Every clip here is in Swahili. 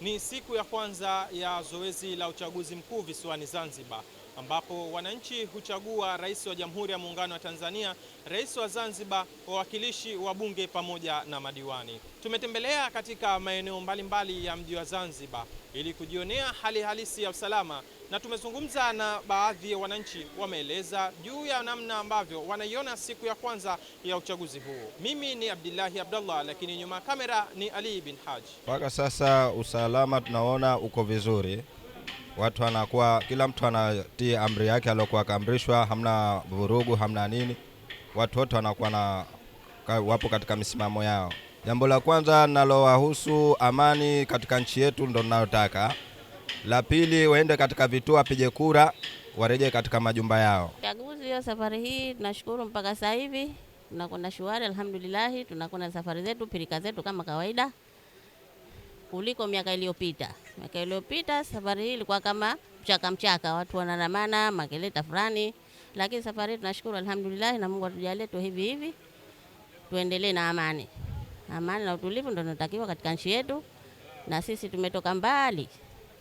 Ni siku ya kwanza ya zoezi la uchaguzi mkuu visiwani Zanzibar ambapo wananchi huchagua rais wa Jamhuri ya Muungano wa Tanzania, rais wa Zanzibar, wawakilishi wa bunge pamoja na madiwani. Tumetembelea katika maeneo mbalimbali ya mji wa Zanzibar ili kujionea hali halisi ya usalama na tumezungumza na baadhi ya wananchi, wameeleza juu ya namna ambavyo wanaiona siku ya kwanza ya uchaguzi huu. Mimi ni Abdullahi Abdullah, lakini nyuma ya kamera ni Ali bin Haji. Mpaka sasa usalama tunaona uko vizuri watu wanakuwa, kila mtu anatii amri yake aliyokuwa kaamrishwa, hamna vurugu, hamna nini, watu wote wanakuwa na wapo katika misimamo yao. Jambo la kwanza nalowahusu amani katika nchi yetu ndo ninayotaka. La pili, waende katika vituo wapige kura, warejee katika majumba yao. Chaguzi hiyo safari hii tunashukuru, mpaka sasa hivi tunakwenda shuari, alhamdulillahi, tunakwenda safari zetu pirika zetu kama kawaida kuliko miaka iliyopita. Miaka iliyopita safari hii ilikuwa kama mchaka mchaka, watu wanaramana makeleta fulani, lakini safari hii tunashukuru alhamdulillah, na Mungu atujalie tu hivi hivi, tuendelee na amani. Amani na utulivu ndio tunatakiwa katika nchi yetu, na sisi tumetoka mbali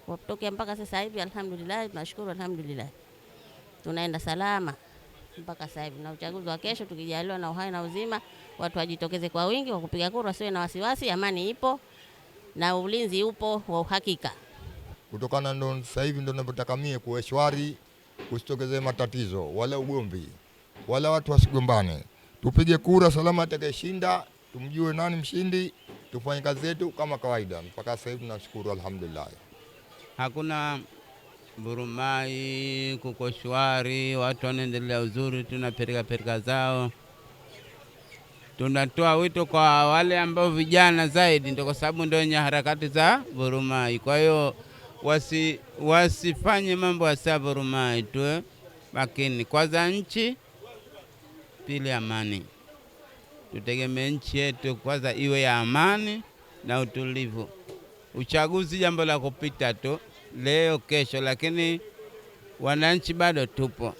kutokea mpaka sasa hivi alhamdulillah, tunashukuru alhamdulillah, tunaenda salama mpaka sasa hivi. Na uchaguzi wa kesho tukijaliwa na uhai na uzima, watu wajitokeze kwa wingi wa kupiga kura, siwe na wasiwasi, amani ipo na ulinzi upo wa uhakika. Kutokana ndo sasa hivi ndo tunapotaka mie kuwe shwari, kusitokeze matatizo wala ugomvi wala watu wasigombane, tupige kura salama, atakayeshinda tumjue nani mshindi, tufanye kazi yetu kama kawaida. Mpaka sasa hivi tunashukuru, alhamdulillah, hakuna burumai, kuko shwari, watu wanaendelea uzuri, tunapeleka peleka zao tunatoa wito kwa wale ambao vijana zaidi, ndio kwa sababu ndio wenye harakati za vurumai. Kwa hiyo wasi, wasifanye mambo yasiyo vurumai, tuwe eh. makini. Kwanza nchi, pili amani. Tutegemee nchi yetu kwanza iwe ya amani na utulivu. Uchaguzi jambo la kupita tu leo kesho, lakini wananchi bado tupo.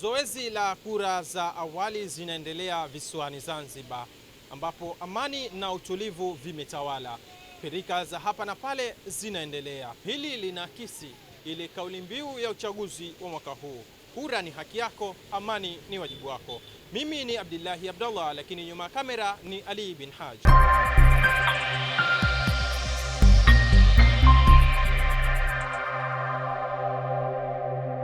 Zoezi la kura za awali zinaendelea visiwani Zanzibar ambapo amani na utulivu vimetawala. Pirika za hapa na pale zinaendelea. Hili linaakisi ile kauli mbiu ya uchaguzi wa mwaka huu, kura ni haki yako, amani ni wajibu wako. Mimi ni abdullahi Abdallah, lakini nyuma ya kamera ni Ali bin haj